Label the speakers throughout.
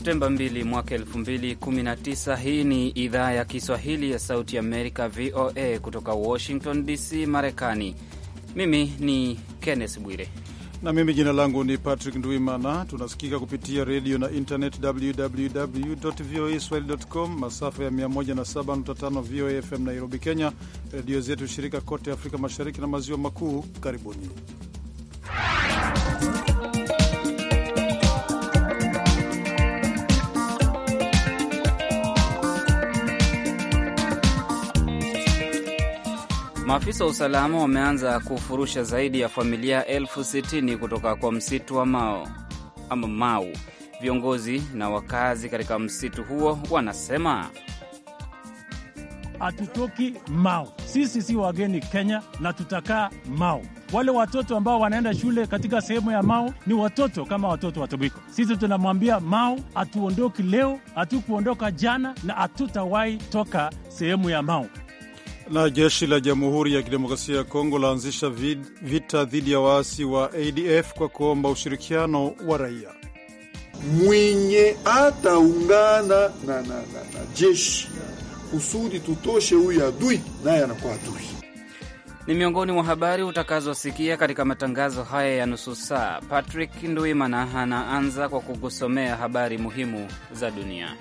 Speaker 1: Septemba 2 mwaka 2019. Hii ni idhaa ya Kiswahili ya Sauti Amerika, VOA, kutoka Washington DC, Marekani.
Speaker 2: Mimi ni Kenneth Bwire na mimi jina langu ni Patrick Ndwimana. Tunasikika kupitia redio na internet, www voa com masafa ya 107.5 VOA FM Nairobi, Kenya, redio zetu shirika kote Afrika Mashariki na Maziwa Makuu. Karibuni
Speaker 1: Maafisa wa usalama wameanza kufurusha zaidi ya familia elfu sitini kutoka kwa msitu wa Mao ama Mau. Viongozi na wakazi katika msitu huo wanasema
Speaker 3: hatutoki Mau, sisi si wageni Kenya na tutakaa Mau. Wale watoto ambao wanaenda shule katika sehemu ya Mau ni watoto kama watoto wa Tobiko. Sisi tunamwambia Mau, hatuondoki leo, hatukuondoka jana na hatutawahi toka sehemu ya Mau.
Speaker 2: Na jeshi la Jamhuri ya Kidemokrasia ya Kongo laanzisha vita dhidi ya waasi wa ADF kwa kuomba ushirikiano wa raia. Mwenye ataungana na, na, na, na jeshi kusudi tutoshe huyu adui, naye anakuwa adui.
Speaker 1: Ni miongoni mwa habari utakazosikia katika matangazo haya ya nusu saa. Patrick Ndwimana anaanza kwa kukusomea habari muhimu za dunia.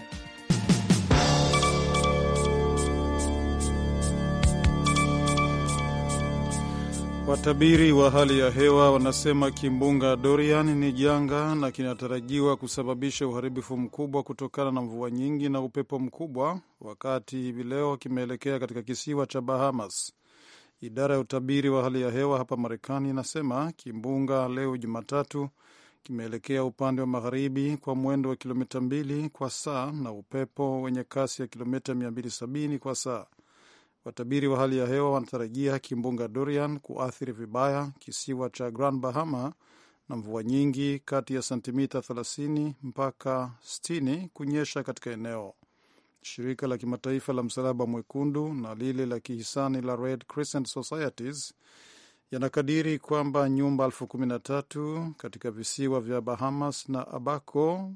Speaker 2: Watabiri wa hali ya hewa wanasema kimbunga Dorian ni janga na kinatarajiwa kusababisha uharibifu mkubwa kutokana na mvua nyingi na upepo mkubwa, wakati hivi leo kimeelekea katika kisiwa cha Bahamas. Idara ya utabiri wa hali ya hewa hapa Marekani inasema kimbunga leo Jumatatu kimeelekea upande wa magharibi kwa mwendo wa kilomita 2 kwa saa na upepo wenye kasi ya kilomita 270 kwa saa. Watabiri wa hali ya hewa wanatarajia kimbunga Dorian kuathiri vibaya kisiwa cha Grand Bahama na mvua nyingi kati ya sentimita 30 mpaka 60 kunyesha katika eneo. Shirika la kimataifa la Msalaba Mwekundu na lile la kihisani la Red Crescent Societies yanakadiri kwamba nyumba elfu kumi na tatu katika visiwa vya Bahamas na Abaco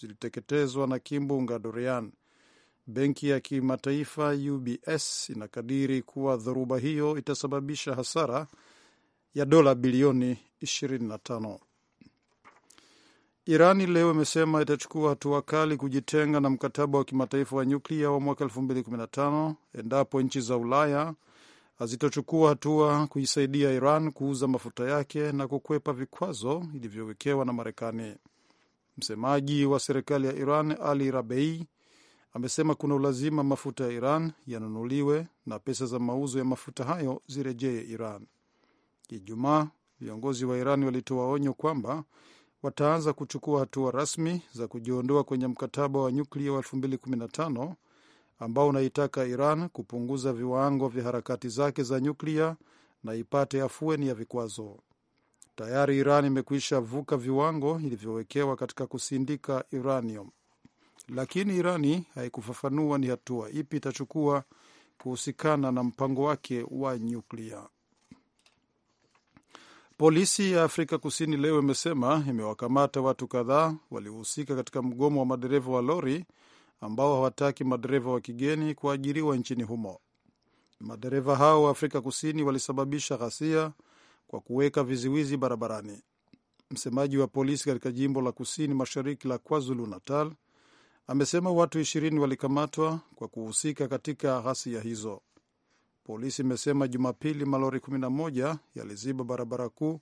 Speaker 2: ziliteketezwa na kimbunga Dorian. Benki ya Kimataifa UBS inakadiri kuwa dhoruba hiyo itasababisha hasara ya dola bilioni 25. Irani leo imesema itachukua hatua kali kujitenga na mkataba wa kimataifa wa nyuklia wa mwaka 2015 endapo nchi za Ulaya hazitochukua hatua kuisaidia Iran kuuza mafuta yake na kukwepa vikwazo ilivyowekewa na Marekani. Msemaji wa serikali ya Iran Ali Rabei amesema kuna ulazima mafuta ya Iran yanunuliwe na pesa za mauzo ya mafuta hayo zirejee Iran. Ijumaa viongozi wa Iran walitoa onyo kwamba wataanza kuchukua hatua rasmi za kujiondoa kwenye mkataba wa nyuklia wa 2015 ambao unaitaka Iran kupunguza viwango vya harakati zake za nyuklia na ipate afueni ya vikwazo. Tayari Iran imekwisha vuka viwango ilivyowekewa katika kusindika uranium lakini Irani haikufafanua ni hatua ipi itachukua kuhusikana na mpango wake wa nyuklia. Polisi ya Afrika Kusini leo imesema imewakamata watu kadhaa waliohusika katika mgomo wa madereva wa lori ambao hawataki madereva wa kigeni kuajiriwa nchini humo. Madereva hao wa Afrika Kusini walisababisha ghasia kwa kuweka viziwizi barabarani. Msemaji wa polisi katika jimbo la kusini mashariki la KwaZulu Natal amesema watu ishirini walikamatwa kwa kuhusika katika ghasia hizo. Polisi imesema Jumapili malori 11 yaliziba barabara kuu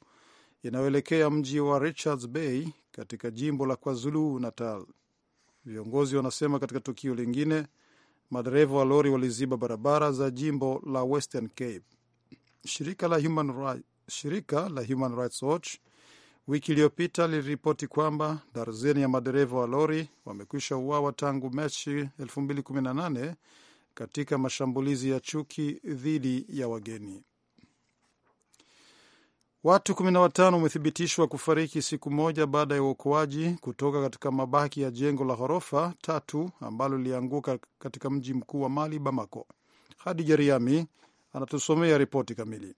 Speaker 2: inayoelekea mji wa Richards Bay katika jimbo la KwaZulu Natal. Viongozi wanasema katika tukio lingine madereva wa lori waliziba barabara za jimbo la Western Cape. Shirika la Human, shirika la Human Rights Watch Wiki iliyopita liliripoti kwamba darzeni ya madereva wa lori wamekwisha uawa tangu Machi 2018 katika mashambulizi ya chuki dhidi ya wageni. Watu 15 wamethibitishwa kufariki siku moja baada ya uokoaji kutoka katika mabaki ya jengo la ghorofa tatu ambalo lilianguka katika mji mkuu wa Mali, Bamako. hadi jeriami anatusomea ripoti kamili.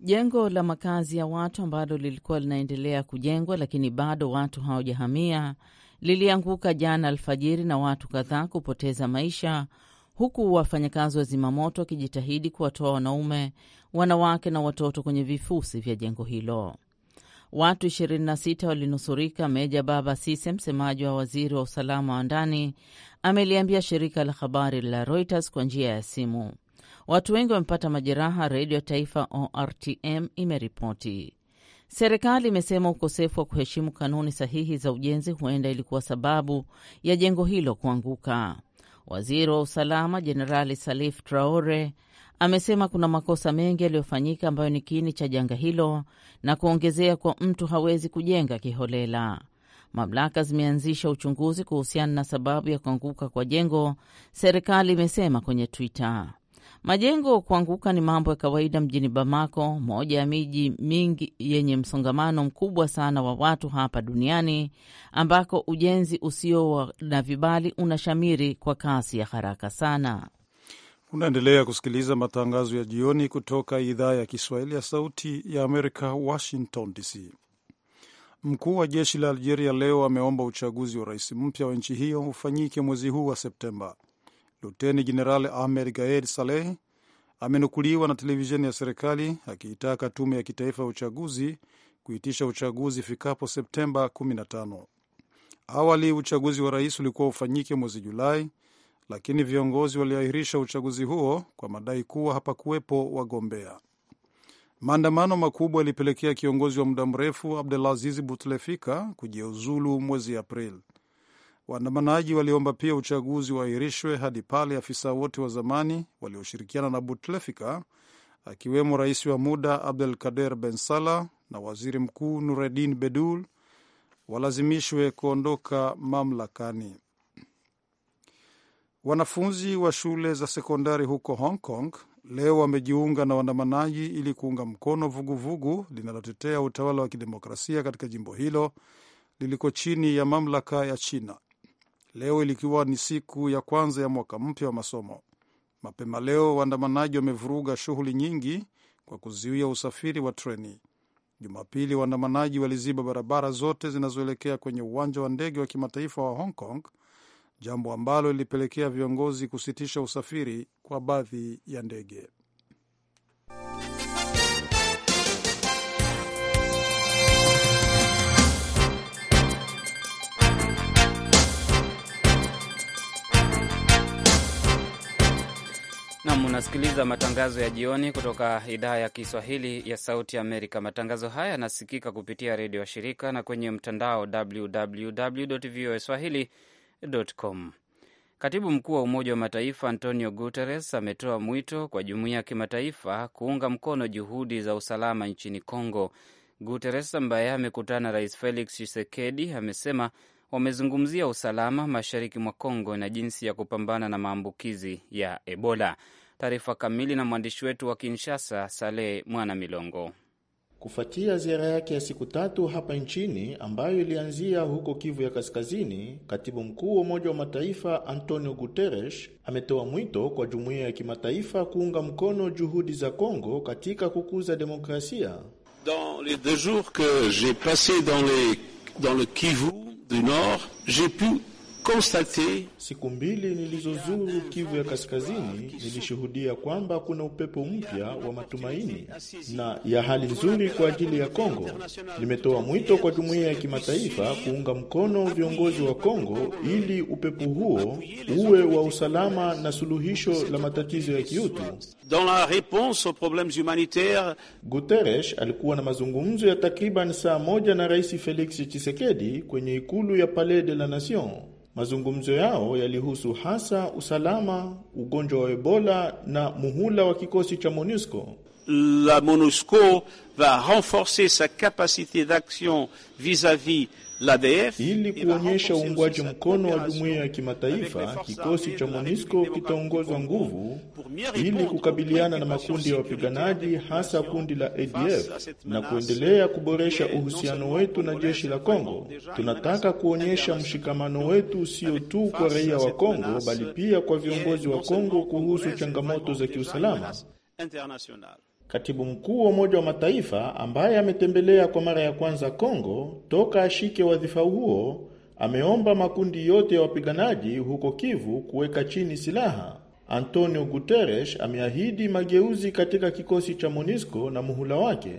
Speaker 4: Jengo la makazi ya watu ambalo lilikuwa linaendelea kujengwa lakini bado watu hawajahamia lilianguka jana alfajiri na watu kadhaa kupoteza maisha, huku wafanyakazi wa zimamoto wakijitahidi kuwatoa wanaume, wanawake na watoto kwenye vifusi vya jengo hilo. Watu 26 walinusurika. Meja Baba Sise, msemaji wa waziri wa usalama wa ndani, ameliambia shirika la habari la Reuters kwa njia ya simu watu wengi wamepata majeraha, redio ya taifa ORTM imeripoti. Serikali imesema ukosefu wa kuheshimu kanuni sahihi za ujenzi huenda ilikuwa sababu ya jengo hilo kuanguka. Waziri wa usalama Jenerali Salif Traore amesema kuna makosa mengi yaliyofanyika ambayo ni kiini cha janga hilo na kuongezea kwa mtu hawezi kujenga kiholela. Mamlaka zimeanzisha uchunguzi kuhusiana na sababu ya kuanguka kwa jengo, serikali imesema kwenye Twitter. Majengo kuanguka ni mambo ya kawaida mjini Bamako, moja ya miji mingi yenye msongamano mkubwa sana wa watu hapa duniani, ambako ujenzi usio na vibali unashamiri kwa kasi ya haraka sana.
Speaker 2: Unaendelea kusikiliza matangazo ya jioni kutoka idhaa ya Kiswahili ya Sauti ya Amerika, Washington DC. Mkuu wa jeshi la Algeria leo ameomba uchaguzi wa rais mpya wa nchi hiyo ufanyike mwezi huu wa Septemba. Luteni Jenerali Ahmed Gaed Saleh amenukuliwa na televisheni ya serikali akiitaka tume ya kitaifa ya uchaguzi kuitisha uchaguzi ifikapo Septemba 15. Awali uchaguzi wa rais ulikuwa ufanyike mwezi Julai, lakini viongozi waliahirisha uchaguzi huo kwa madai kuwa hapakuwepo wagombea. Maandamano makubwa yalipelekea kiongozi wa muda mrefu Abdulaziz Butlefika kujiuzulu mwezi Aprili. Waandamanaji waliomba pia uchaguzi uahirishwe hadi pale afisa wote wa zamani walioshirikiana na Butlefika, akiwemo rais wa muda Abdel Kader Ben Sala na waziri mkuu Nureddin Bedul, walazimishwe kuondoka mamlakani. Wanafunzi wa shule za sekondari huko Hong Kong leo wamejiunga na waandamanaji ili kuunga mkono vuguvugu linalotetea utawala wa kidemokrasia katika jimbo hilo liliko chini ya mamlaka ya China leo ilikiwa ni siku ya kwanza ya mwaka mpya wa masomo. Mapema leo waandamanaji wamevuruga shughuli nyingi kwa kuzuia usafiri wa treni. Jumapili waandamanaji waliziba barabara zote zinazoelekea kwenye uwanja wa ndege wa kimataifa wa Hong Kong, jambo ambalo lilipelekea viongozi kusitisha usafiri kwa baadhi ya ndege.
Speaker 1: Nam, unasikiliza matangazo ya jioni kutoka idhaa ya Kiswahili ya Sauti Amerika. Matangazo haya yanasikika kupitia redio ya shirika na kwenye mtandao www voa swahili.com. Katibu mkuu wa Umoja wa Mataifa Antonio Guterres ametoa mwito kwa jumuiya ya kimataifa kuunga mkono juhudi za usalama nchini Congo. Guterres ambaye amekutana Rais Felix Tshisekedi amesema wamezungumzia usalama mashariki mwa Kongo na jinsi ya kupambana na maambukizi ya Ebola. Taarifa kamili na mwandishi wetu wa Kinshasa, Saleh Mwana Milongo.
Speaker 5: Kufuatia ziara yake ya siku tatu hapa nchini ambayo ilianzia huko Kivu ya Kaskazini, katibu mkuu wa Umoja wa Mataifa Antonio Guterres ametoa mwito kwa jumuiya ya kimataifa kuunga mkono juhudi za Kongo katika kukuza demokrasia. Dans les deux jours que j'ai dans dans le Kivu du Nord j'ai pu Siku mbili nilizozuru Kivu ya Kaskazini, nilishuhudia kwamba kuna upepo mpya wa matumaini na ya hali nzuri kwa ajili ya Kongo. Nimetoa mwito kwa jumuiya ya kimataifa kuunga mkono viongozi wa Kongo ili upepo huo uwe wa usalama na suluhisho la matatizo ya kiutu. Guterres alikuwa na mazungumzo ya takriban saa moja na Rais Felix Tshisekedi kwenye ikulu ya Palais de la Nation. Mazungumzo yao yalihusu hasa usalama, ugonjwa wa Ebola na muhula wa kikosi cha MONUSCO. La MONUSCO va renforcer sa capacité d'action vis-à-vis ili kuonyesha uungwaji mkono wa jumuiya ya kimataifa, kikosi cha MONUSCO kitaongozwa nguvu ili kukabiliana na makundi ya wapiganaji hasa kundi la ADF na kuendelea kuboresha uhusiano wetu na jeshi la Kongo. Tunataka kuonyesha mshikamano wetu sio tu kwa raia wa Kongo bali pia kwa viongozi wa Kongo kuhusu changamoto za kiusalama. Katibu mkuu wa Umoja wa Mataifa ambaye ametembelea kwa mara ya kwanza Kongo toka ashike wadhifa huo ameomba makundi yote ya wapiganaji huko Kivu kuweka chini silaha. Antonio Guterres ameahidi mageuzi katika kikosi cha MONUSCO na muhula wake,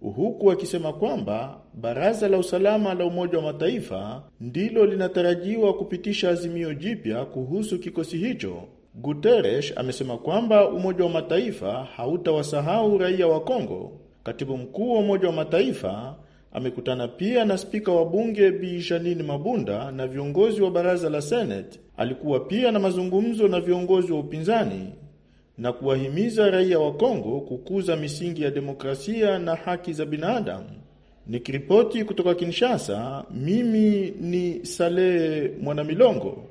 Speaker 5: huku akisema kwamba Baraza la Usalama la Umoja wa Mataifa ndilo linatarajiwa kupitisha azimio jipya kuhusu kikosi hicho. Guterres amesema kwamba Umoja wa Mataifa hautawasahau raia wa Kongo. Katibu mkuu wa Umoja wa Mataifa amekutana pia na spika wa bunge Bi Janine Mabunda na viongozi wa baraza la Senate. Alikuwa pia na mazungumzo na viongozi wa upinzani na kuwahimiza raia wa Kongo kukuza misingi ya demokrasia na haki za binadamu. Nikiripoti kutoka Kinshasa, mimi ni Saleh Mwanamilongo.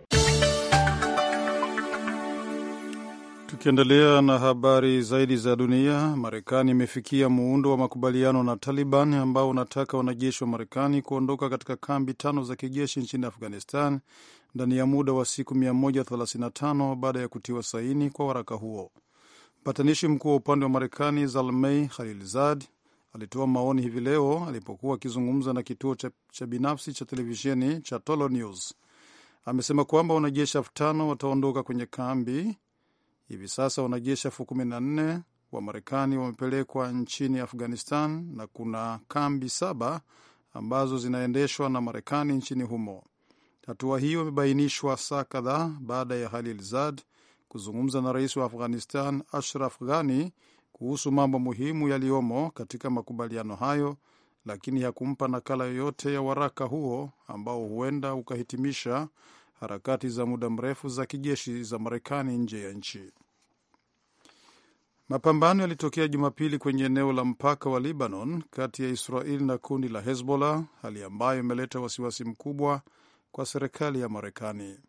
Speaker 2: Tukiendelea na habari zaidi za dunia, Marekani imefikia muundo wa makubaliano na Taliban ambao unataka wanajeshi wa Marekani kuondoka katika kambi tano za kijeshi nchini Afghanistan ndani ya muda wa siku 135 baada ya kutiwa saini kwa waraka huo. Mpatanishi mkuu wa upande wa Marekani zalmei Khalilzad alitoa maoni hivi leo alipokuwa akizungumza na kituo cha, cha binafsi cha televisheni cha Tolo News. Amesema kwamba wanajeshi elfu tano wataondoka kwenye kambi Hivi sasa wanajeshi elfu kumi na nne wa Marekani wamepelekwa nchini Afghanistan na kuna kambi saba ambazo zinaendeshwa na Marekani nchini humo. Hatua hiyo imebainishwa saa kadhaa baada ya Halil Zad kuzungumza na rais wa Afghanistan Ashraf Ghani kuhusu mambo muhimu yaliyomo katika makubaliano hayo, lakini hakumpa nakala yoyote ya waraka huo ambao huenda ukahitimisha harakati za muda mrefu za kijeshi za Marekani nje ya nchi. Mapambano yalitokea Jumapili kwenye eneo la mpaka wa Libanon kati ya Israel na kundi la Hezbollah, hali ambayo imeleta wasiwasi mkubwa kwa serikali ya Marekani.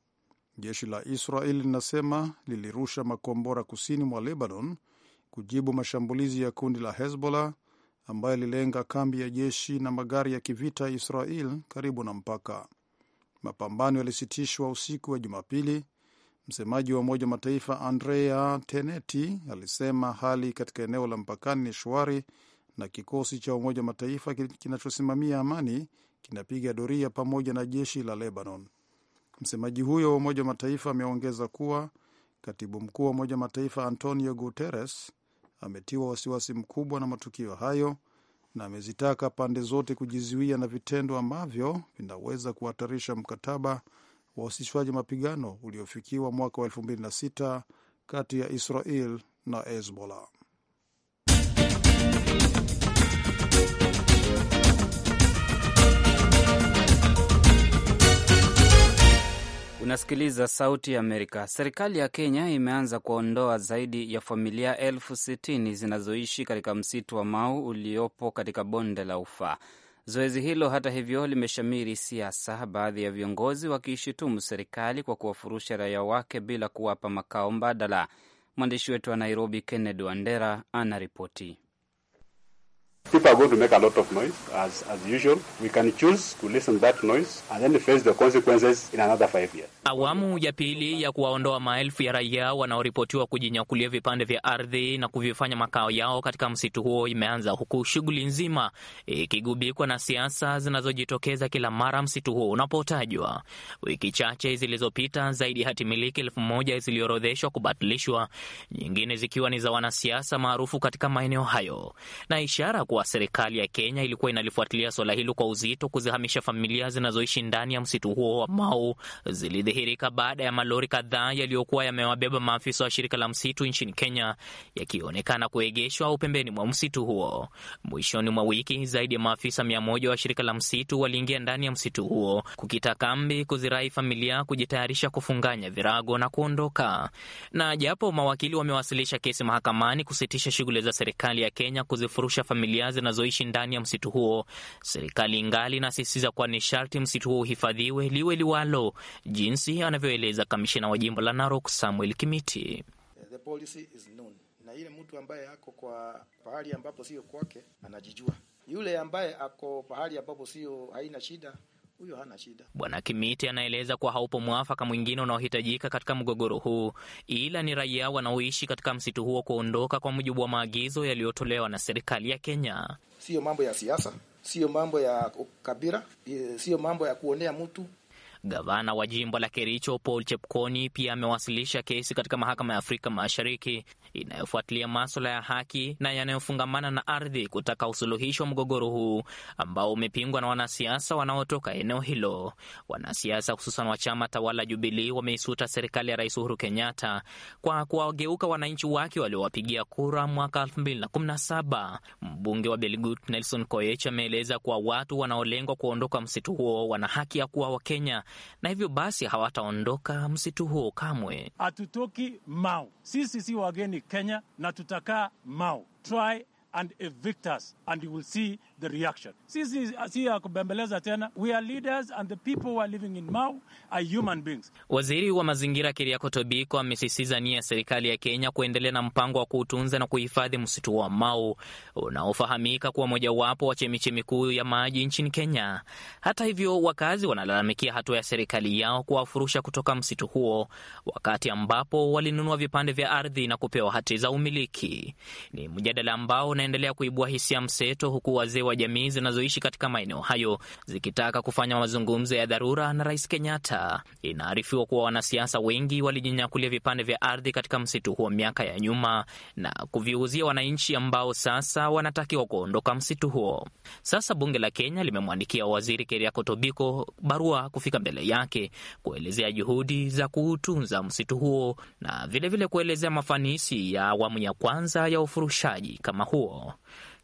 Speaker 2: Jeshi la Israel linasema lilirusha makombora kusini mwa Lebanon kujibu mashambulizi ya kundi la Hezbollah ambayo ililenga kambi ya jeshi na magari ya kivita ya Israel karibu na mpaka. Mapambano yalisitishwa usiku wa Jumapili Msemaji wa Umoja wa Mataifa Andrea Teneti alisema hali katika eneo la mpakani ni shwari na kikosi cha Umoja wa Mataifa kinachosimamia amani kinapiga doria pamoja na jeshi la Lebanon. Msemaji huyo wa Umoja wa Mataifa ameongeza kuwa katibu mkuu wa Umoja wa Mataifa Antonio Guterres ametiwa wasiwasi mkubwa na matukio hayo na amezitaka pande zote kujizuia na vitendo ambavyo vinaweza kuhatarisha mkataba wa usishwaji mapigano uliofikiwa mwaka wa 2006 kati ya Israel na Hezbollah.
Speaker 1: Unasikiliza Sauti ya Amerika. Serikali ya Kenya imeanza kuondoa zaidi ya familia elfu sitini zinazoishi katika msitu wa Mau uliopo katika bonde la Ufa. Zoezi hilo hata hivyo limeshamiri siasa, baadhi ya viongozi wakiishutumu serikali kwa kuwafurusha raia wake bila kuwapa makao mbadala. Mwandishi wetu wa Nairobi, Kennedy Wandera, anaripoti.
Speaker 6: People are going to make a lot of noise as, as usual. We can choose to listen that noise and then face the consequences in another five years.
Speaker 7: Awamu ya pili ya kuwaondoa maelfu ya raia wanaoripotiwa kujinyakulia vipande vya ardhi na kuvifanya makao yao katika msitu huo imeanza huku shughuli nzima ikigubikwa na siasa zinazojitokeza kila mara msitu huo unapotajwa. Wiki chache zilizopita, zaidi ya hati miliki elfu moja ziliorodheshwa kubatilishwa, nyingine zikiwa ni za wanasiasa maarufu katika maeneo hayo na ishara kuwa serikali ya Kenya ilikuwa inalifuatilia swala hilo kwa uzito. Kuzihamisha familia zinazoishi ndani ya msitu huo wa Mau zilidhihirika baada ya malori kadhaa yaliyokuwa yamewabeba maafisa wa shirika la msitu nchini Kenya yakionekana kuegeshwa au pembeni mwa msitu huo. Mwishoni mwa wiki, zaidi ya maafisa mia moja wa shirika la msitu waliingia ndani ya msitu huo kukita kambi, kuzirai familia kujitayarisha kufunganya virago na kuondoka. Na japo mawakili wamewasilisha kesi mahakamani kusitisha shughuli za serikali ya Kenya kuzifurusha familia asilia zinazoishi ndani ya msitu huo, serikali ingali inasisitiza kuwa ni sharti msitu huo uhifadhiwe liwe liwalo, jinsi anavyoeleza kamishina wa jimbo la Narok Samuel Kimiti.
Speaker 3: The policy is known. Na ile mtu ambaye ako kwa pahali ambapo sio kwake anajijua, yule ambaye ako pahali ambapo sio haina shida huyo hana shida.
Speaker 7: Bwana Kimiti anaeleza kuwa haupo mwafaka mwingine unaohitajika katika mgogoro huu, ila ni raia wanaoishi katika msitu huo kuondoka kwa mujibu wa maagizo yaliyotolewa na serikali ya Kenya.
Speaker 3: Siyo mambo ya siasa, siyo mambo ya kabila, e, siyo mambo ya kuonea mtu.
Speaker 7: Gavana wa jimbo la Kericho Paul Chepkoni pia amewasilisha kesi katika mahakama ya Afrika Mashariki inayofuatilia maswala ya haki na yanayofungamana na ardhi kutaka usuluhishi wa mgogoro huu ambao umepingwa na wanasiasa wanaotoka eneo hilo. Wanasiasa hususan wa chama tawala Jubilii wameisuta serikali ya Rais Uhuru Kenyatta kwa kuwageuka wananchi wake waliowapigia kura mwaka 2017. Mbunge wa Belgut Nelson Koech ameeleza kuwa watu wanaolengwa kuondoka msitu huo wana haki ya kuwa Wakenya na hivyo basi hawataondoka msitu huo kamwe. Hatutoki Mau,
Speaker 3: sisi si wageni Kenya na tutakaa Mau. Try and evict us and you will see the reaction. Sisi si ya kubembeleza tena, we are leaders and the people who are living in Mau are human beings.
Speaker 7: Waziri wa mazingira Keriako Tobiko amesisitiza nia ya serikali ya Kenya kuendelea na mpango wa kuutunza na kuhifadhi msitu wa Mau unaofahamika kuwa mojawapo wa chemichemi kuu ya maji nchini Kenya. Hata hivyo, wakazi wanalalamikia hatua ya serikali yao kuwafurusha kutoka msitu huo, wakati ambapo walinunua vipande vya ardhi na kupewa hati za umiliki. Ni mjadala ambao unaendelea kuibua hisia mseto, huku wazee wa jamii zinazoishi katika maeneo hayo zikitaka kufanya mazungumzo ya dharura na Rais Kenyatta. Inaarifiwa kuwa wanasiasa wengi walijinyakulia vipande vya ardhi katika msitu huo miaka ya nyuma na kuviuzia wananchi ambao sasa wanatakiwa kuondoka msitu huo. Sasa bunge la Kenya limemwandikia waziri Keriako Tobiko barua kufika mbele yake kuelezea juhudi za kuutunza msitu huo na vilevile vile kuelezea mafanisi ya awamu ya kwanza ya ufurushaji kama huo huo.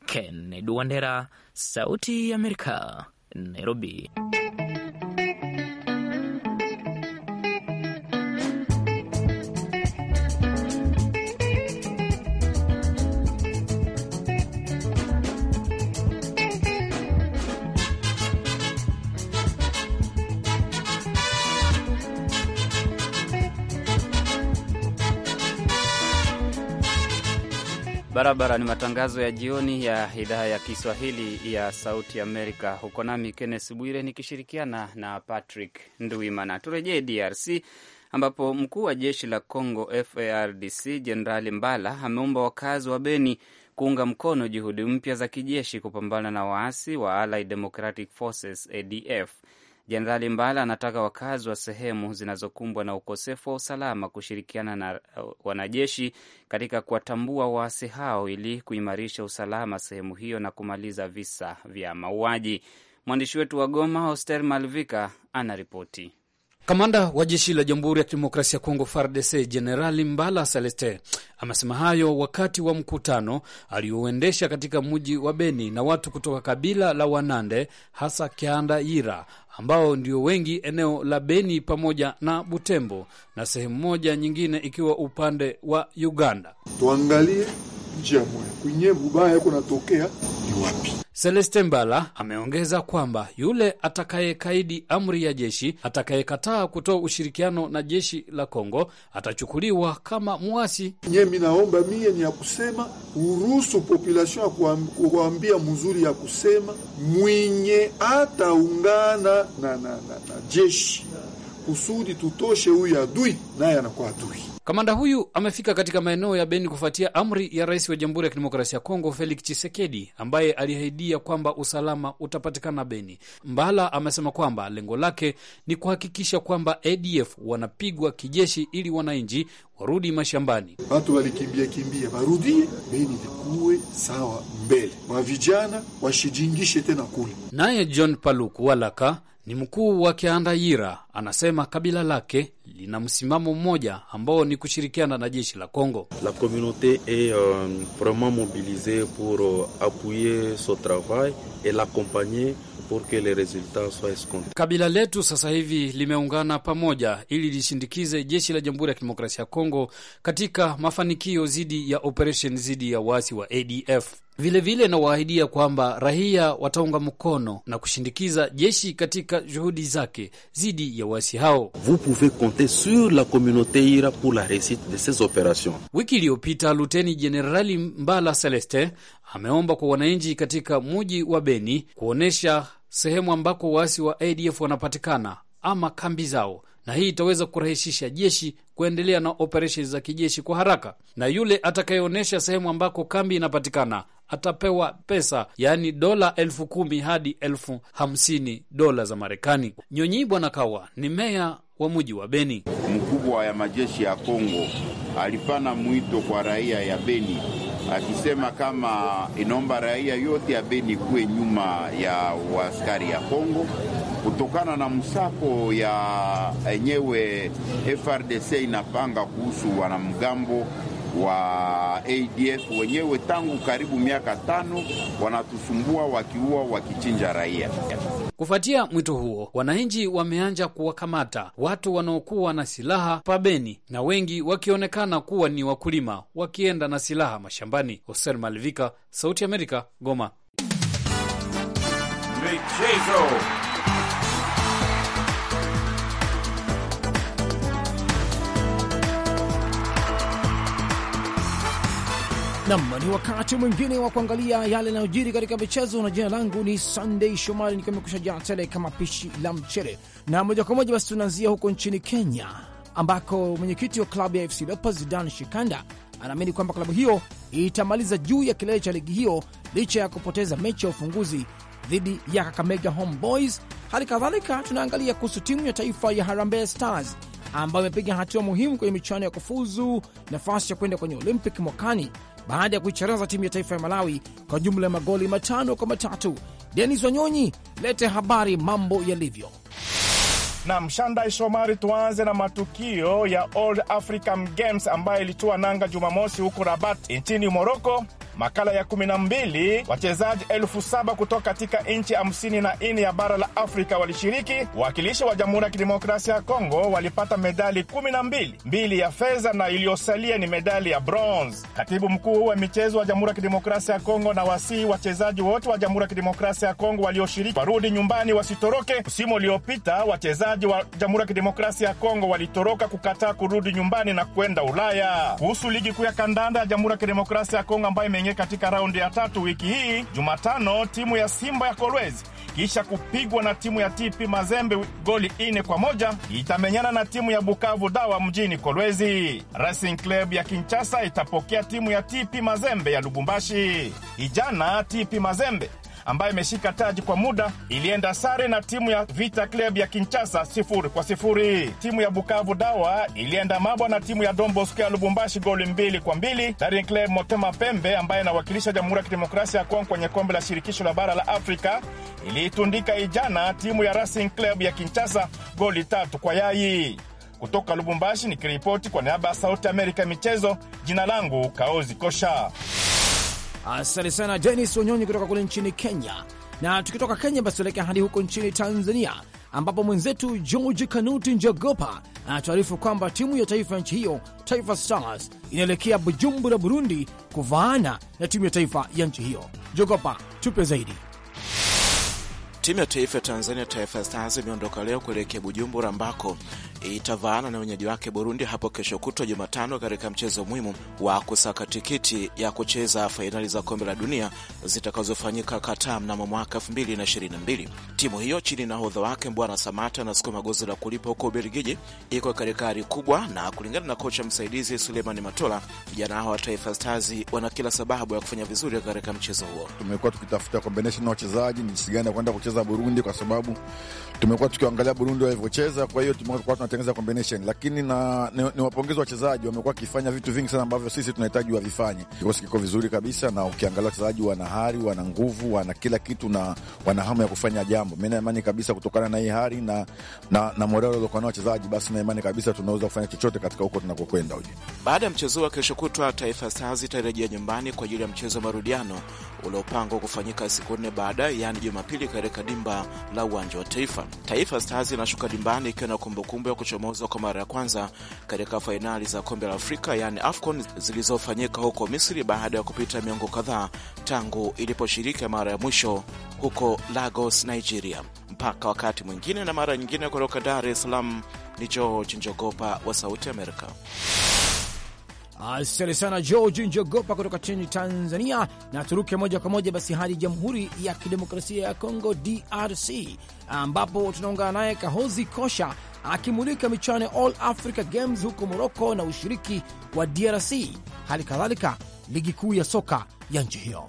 Speaker 7: Kennedy Wandera, Sauti ya Amerika, Nairobi.
Speaker 1: Barabara ni matangazo ya jioni ya idhaa ya Kiswahili ya Sauti Amerika. Huko nami Kennes Bwire nikishirikiana na Patrick Nduimana. Turejee DRC ambapo mkuu wa jeshi la Congo FARDC Jenerali Mbala ameomba wakazi wa Beni kuunga mkono juhudi mpya za kijeshi kupambana na waasi wa Allied Democratic Forces ADF. Jenerali Mbala anataka wakazi wa sehemu zinazokumbwa na ukosefu wa usalama kushirikiana na uh, wanajeshi katika kuwatambua waasi hao ili kuimarisha usalama sehemu hiyo na kumaliza visa vya mauaji. Mwandishi wetu wa Goma, Hoster Malvika, anaripoti.
Speaker 6: Kamanda wa jeshi la Jamhuri ya Kidemokrasia ya Kongo FARDC Jenerali Mbala Celeste amesema hayo wakati wa mkutano alioendesha katika mji wa Beni na watu kutoka kabila la Wanande hasa Kianda Yira ambao ndio wengi eneo la Beni pamoja na Butembo na sehemu moja nyingine ikiwa upande wa Uganda.
Speaker 2: Tuangalie njia moya, kwenye bubaya kunatokea ni
Speaker 6: wapi? Celeste Mbala ameongeza kwamba yule atakayekaidi amri ya jeshi, atakayekataa kutoa ushirikiano na jeshi la Kongo atachukuliwa kama mwasi.
Speaker 2: Nye minaomba mie ni ya kusema uruhusu population ya kuambia mzuri ya kusema mwinye ataungana na, na, na, na jeshi kusudi tutoshe huyu adui, naye anakuwa adui.
Speaker 6: Kamanda huyu amefika katika maeneo ya Beni kufuatia amri ya rais wa Jamhuri ya Kidemokrasia ya Kongo Felix Tshisekedi, ambaye aliahidia kwamba usalama utapatikana Beni. Mbala amesema kwamba lengo lake ni kuhakikisha kwamba ADF wanapigwa kijeshi ili wananchi warudi mashambani.
Speaker 2: Watu walikimbia kimbia, warudie Beni likuwe sawa mbele, wavijana washijingishe tena kule.
Speaker 6: Naye John Paluku Walaka ni mkuu wa Kiandayira, anasema kabila lake lina msimamo mmoja ambao ni kushirikiana na jeshi la Kongo.
Speaker 5: La communauté est euh, vraiment mobilisée pour euh, appuyer ce travail et l'accompagner pour que les resultats soient escomptés.
Speaker 6: Kabila letu sasa hivi limeungana pamoja ili lishindikize jeshi la Jamhuri ya Kidemokrasia ya Kongo katika mafanikio dhidi ya operation dhidi ya waasi wa ADF. Vilevile nawaahidia kwamba raia wataunga mkono na kushindikiza jeshi katika juhudi zake dhidi ya waasi hao.
Speaker 5: Vous pouvez compter sur la communauté Ira pour la réussite de ces opérations.
Speaker 6: Wiki iliyopita Luteni Jenerali Mbala celeste ameomba kwa wananchi katika muji wa Beni kuonesha sehemu ambako waasi wa ADF wanapatikana ama kambi zao na hii itaweza kurahisisha jeshi kuendelea na operesheni za kijeshi kwa haraka, na yule atakayeonyesha sehemu ambako kambi inapatikana atapewa pesa yaani dola elfu kumi hadi elfu hamsini dola za Marekani. Nyonyi Bwana Kawa ni meya wa muji wa Beni. Mkubwa ya majeshi ya Kongo alipana
Speaker 5: mwito kwa raia ya Beni akisema kama inaomba raia yote ya Beni kuwe nyuma ya waskari ya Kongo kutokana na msako ya enyewe FRDC inapanga kuhusu wanamgambo wa ADF wenyewe tangu karibu miaka tano wanatusumbua
Speaker 6: wakiua wakichinja raia. Kufuatia mwito huo, wananchi wameanza kuwakamata watu wanaokuwa na silaha pabeni, na wengi wakionekana kuwa ni wakulima wakienda na silaha mashambani. Hosen Malivika, Sauti ya Amerika, Goma.
Speaker 1: Michezo.
Speaker 8: Nam, ni wakati mwingine wa kuangalia yale yanayojiri katika michezo, na jina langu ni Sunday Shomari, nikiwa nimekusha jaa tele kama pishi la mchele. Na moja kwa moja basi tunaanzia huko nchini Kenya, ambako mwenyekiti wa klabu ya FC Leopards Dan Shikanda anaamini kwamba klabu hiyo itamaliza juu ya kilele cha ligi hiyo licha ya kupoteza mechi ya ufunguzi dhidi ya Kakamega Homeboys. Hali kadhalika tunaangalia kuhusu timu ya taifa ya Harambee Stars ambayo imepiga hatua muhimu kwenye michuano ya kufuzu nafasi ya kwenda kwenye Olympic mwakani baada ya kuicharaza timu ya taifa ya Malawi kwa jumla ya magoli matano kwa matatu. Denis Wanyonyi, lete habari mambo yalivyo. nam
Speaker 9: shandai Shomari, tuanze na matukio ya old African Games ambayo ilitua nanga Jumamosi huko Rabat nchini Moroko, Makala ya 12 wachezaji elfu saba kutoka katika nchi 54 ya bara la Afrika walishiriki. Wawakilishi wa Jamhuri ya Kidemokrasia ya Kongo walipata medali 12, mbili ya fedha na iliyosalia ni medali ya bronze. Katibu mkuu wa michezo wa Jamhuri ya Kidemokrasia ya Kongo na wasii wachezaji wote wa Jamhuri ya Kidemokrasia ya Kongo walioshiriki warudi nyumbani, wasitoroke. Msimu uliopita wachezaji wa Jamhuri ya Kidemokrasia ya Kongo walitoroka kukataa kurudi nyumbani na kwenda Ulaya. Kuhusu ligi kuu ya kandanda ya Jamhuri ya Kidemokrasia ya Kongo ambayo Sing'e katika raundi ya tatu wiki hii Jumatano timu ya Simba ya Kolwezi kisha kupigwa na timu ya TP Mazembe goli ine kwa moja itamenyana na timu ya Bukavu Dawa mjini Kolwezi. Racing Club ya Kinshasa itapokea timu ya TP Mazembe ya Lubumbashi. Ijana TP Mazembe ambayo imeshika taji kwa muda ilienda sare na timu ya Vita Club ya Kinshasa sifuri kwa sifuri. Timu ya Bukavu Dawa ilienda mabwa na timu ya Dombosko ya Lubumbashi goli mbili kwa mbili. Daring Club Motema Pembe ambaye inawakilisha Jamhuri ya Kidemokrasia ya Kongo kwenye kombe la shirikisho la bara la Afrika iliitundika ijana timu ya Racing Club ya Kinshasa goli tatu kwa yai. Kutoka Lubumbashi ni kiripoti kwa niaba ya Sauti Amerika michezo, jina
Speaker 8: langu Kaozi Kosha. Asante sana Denis Wanyonyi kutoka kule nchini Kenya. Na tukitoka Kenya, basi tuelekea hadi huko nchini Tanzania, ambapo mwenzetu George Kanuti Njogopa anatuarifu kwamba timu ya taifa ya nchi hiyo Taifa Stars inaelekea Bujumbura, Burundi, kuvaana na timu ya taifa ya nchi hiyo. Jogopa, tupe zaidi.
Speaker 3: Timu ya taifa ya Tanzania, Taifa Stars, imeondoka leo kuelekea Bujumbura ambako itavaana na wenyeji wake Burundi hapo kesho kutwa Jumatano, katika mchezo muhimu wa kusaka tikiti ya kucheza fainali za kombe la dunia zitakazofanyika Kata mnamo mwaka 2022. Timu hiyo chini na hodha wake Mbwana Samata anasukuma gozi la kulipa huko Ubelgiji, iko katika hali kubwa, na kulingana na kocha msaidizi Suleimani Matola, vijana hao wa Taifa Stars wana kila sababu ya kufanya vizuri katika mchezo huo.
Speaker 9: Tumekuwa tukitafuta combination ya wachezaji jinsi gani ya kwenda kucheza za Burundi, kwa sababu tumekuwa tukiangalia Burundi walivyocheza. Kwa hiyo tumekuwa tunatengeneza combination, lakini na ni wachezaji, wamekuwa wakifanya vitu vingi sana ambavyo sisi tunahitaji wavifanye. Kikosi kiko vizuri kabisa, na ukiangalia wachezaji wana hari, wana nguvu, wana kila kitu na wana hamu ya kufanya jambo. Mimi na kabisa kutokana na hii hari na na, na morale waliokuwa nao wachezaji, basi na kabisa tunaweza kufanya chochote katika huko tunakokwenda. Huju
Speaker 3: baada ya mchezo wa kesho kutwa, Taifa Stars itarejea nyumbani kwa ajili ya mchezo wa marudiano uliopangwa kufanyika siku nne baada, yaani Jumapili katika katika dimba la uwanja wa Taifa. Taifa Stars inashuka dimbani ikiwa na kumbukumbu ya kuchomoza kwa mara ya kwanza katika fainali za kombe la Afrika yaani AFCON zilizofanyika huko Misri baada ya kupita miongo kadhaa tangu iliposhiriki mara ya mwisho huko Lagos, Nigeria. Mpaka wakati mwingine na mara nyingine, kutoka Dar es Salaam ni George Njogopa wa Sauti Amerika.
Speaker 8: Asante sana George Njogopa kutoka chini Tanzania. Na turuke moja kwa moja basi hadi Jamhuri ya Kidemokrasia ya Kongo, DRC, ambapo tunaungana naye Kahozi Kosha akimulika michuano ya All Africa Games huko Moroko na ushiriki wa DRC, hali kadhalika ligi kuu ya soka ya nchi hiyo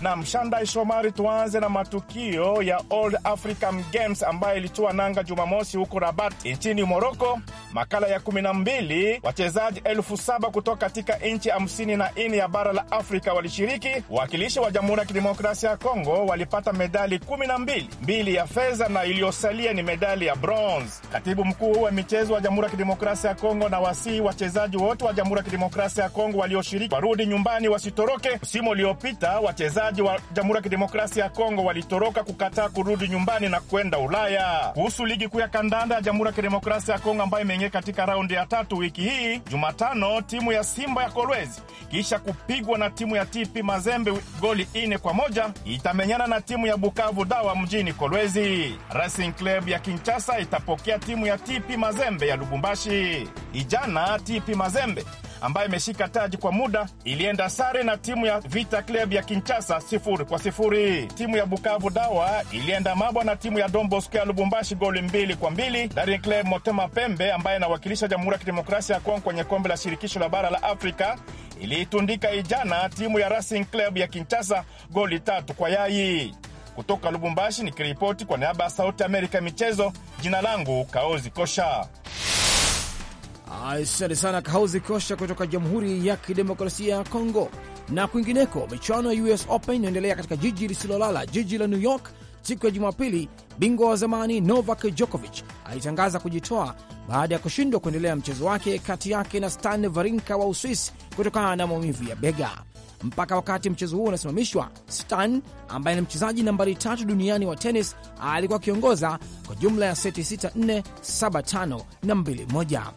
Speaker 8: na Mshandai
Speaker 9: Shomari. Tuanze na matukio ya Old African Games ambayo ilitoa nanga Jumamosi huko Rabat nchini Moroko. Makala ya 12 wachezaji elfu saba kutoka katika nchi hamsini na nne ya bara la Afrika walishiriki. Wawakilishi wa Jamhuri ya Kidemokrasia ya Kongo walipata medali 12, mbili ya fedha na iliyosalia ni medali ya bronze. Katibu mkuu wa michezo wa Jamhuri ya Kidemokrasia ya Kongo na wasii wachezaji wote wa Jamhuri ya Kidemokrasia ya Kongo walioshiriki warudi nyumbani wasitoroke. Msimu uliopita wachezaji wachezaji wa Jamhuri ya Kidemokrasia ya Kongo walitoroka kukataa kurudi nyumbani na kwenda Ulaya. Kuhusu ligi kuu ya kandanda ya Jamhuri ya Kidemokrasia ya Kongo ambayo imeingia katika raundi ya tatu wiki hii, Jumatano timu ya Simba ya Kolwezi kisha kupigwa na timu ya TP Mazembe goli ine kwa moja itamenyana na timu ya Bukavu Dawa mjini Kolwezi. Racing Club ya Kinshasa itapokea timu ya TP Mazembe ya Lubumbashi. Ijana TP Mazembe ambayo imeshika taji kwa muda ilienda sare na timu ya Vita Club ya Kinshasa sifuri kwa sifuri. Timu ya Bukavu Dawa ilienda mabwa na timu ya Dombosko ya Lubumbashi goli mbili kwa mbili. Daring Club Motema Pembe ambaye inawakilisha Jamhuri ya Kidemokrasia ya Kongo kwenye kombe la shirikisho la bara la Afrika iliitundika ijana timu ya Racing Club ya Kinshasa goli tatu kwa yai. Kutoka Lubumbashi ni kiripoti kwa niaba ya Sauti Amerika michezo, jina langu Kaozi
Speaker 8: Kosha. Asante sana Kahauzi Kosha kutoka Jamhuri ya Kidemokrasia ya Kongo. Na kwingineko, michuano ya US Open inaendelea katika jiji lisilolala, jiji la New York. Siku ya Jumapili, bingwa wa zamani Novak Djokovic alitangaza kujitoa baada ya kushindwa kuendelea mchezo wake kati yake na Stan Varinka wa Uswis kutokana na maumivu ya bega. Mpaka wakati mchezo huo unasimamishwa, Stan ambaye ni mchezaji nambari tatu duniani wa tenis alikuwa akiongoza kwa jumla ya seti 6-4, 7-5 na 2-1.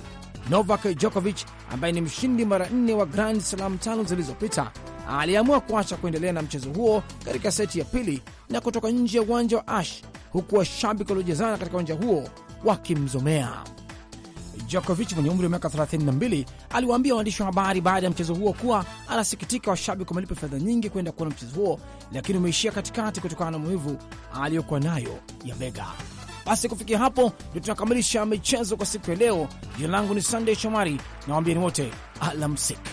Speaker 8: Novak Djokovic ambaye ni mshindi mara nne wa Grand Slam tano zilizopita aliamua kuacha kuendelea na mchezo huo katika seti ya pili na kutoka nje ya uwanja wa Ash, huku washabiki waliojazana katika uwanja huo wakimzomea. Djokovic mwenye umri wa miaka 32 aliwaambia waandishi wa habari baada ya mchezo huo kuwa anasikitika washabiki wamelipa fedha nyingi kwenda kuona mchezo huo, lakini umeishia katikati kutokana na maumivu aliyokuwa nayo ya bega. Basi kufikia hapo ndio tunakamilisha michezo kwa siku ya leo. Jina langu ni Sunday Shomari na wambieni wote alamsiki.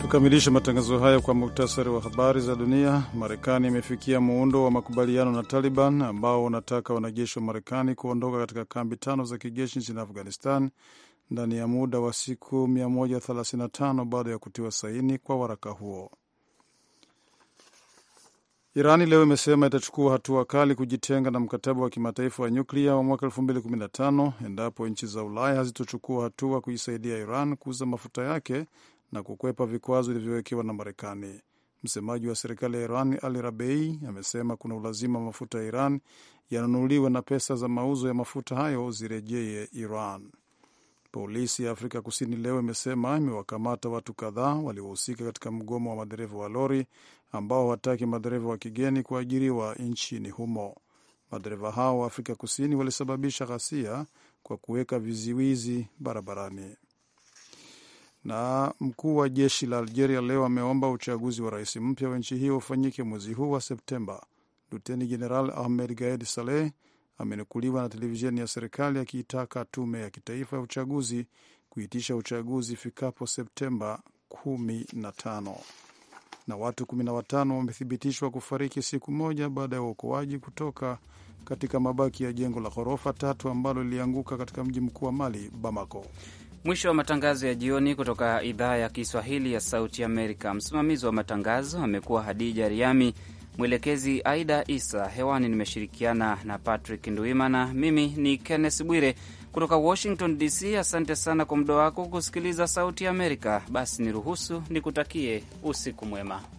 Speaker 2: Kukamilisha matangazo hayo kwa muktasari wa habari za dunia. Marekani imefikia muundo wa makubaliano na Taliban ambao wanataka wanajeshi wa Marekani kuondoka katika kambi tano za kijeshi nchini Afghanistan ndani ya muda wa siku 135 baada ya kutiwa saini kwa waraka huo. Irani leo imesema itachukua hatua kali kujitenga na mkataba wa kimataifa wa nyuklia wa mwaka 2015 endapo nchi za Ulaya hazitochukua hatua kuisaidia Iran kuuza mafuta yake na kukwepa vikwazo vilivyowekewa na Marekani. Msemaji wa serikali ya Iran Ali Rabei amesema kuna ulazima mafuta ya Iran yanunuliwe na pesa za mauzo ya mafuta hayo zirejee Iran. Polisi ya Afrika Kusini leo imesema imewakamata watu kadhaa waliohusika katika mgomo wa madereva wa lori ambao hawataki madereva wa kigeni kuajiriwa nchini humo. Madereva hao wa Afrika Kusini walisababisha ghasia kwa kuweka viziwizi barabarani. Na mkuu wa jeshi la Algeria leo ameomba uchaguzi wa rais mpya wa nchi hiyo ufanyike mwezi huu wa Septemba. Luteni Jeneral Ahmed Gaed Saleh amenukuliwa na televisheni ya serikali akiitaka tume ya kitaifa ya uchaguzi kuitisha uchaguzi ifikapo Septemba 15 na watu 15 wamethibitishwa kufariki siku moja baada ya uokoaji kutoka katika mabaki ya jengo la ghorofa tatu ambalo lilianguka katika mji mkuu wa Mali, Bamako.
Speaker 1: Mwisho wa matangazo ya jioni kutoka idhaa ya Kiswahili ya Sauti Amerika. Msimamizi wa matangazo amekuwa Hadija Riami mwelekezi Aida Isa. Hewani nimeshirikiana na Patrick Ndwimana. Mimi ni Kenneth Bwire kutoka Washington DC. Asante sana kwa muda wako kusikiliza Sauti ya Amerika. Basi niruhusu nikutakie usiku mwema.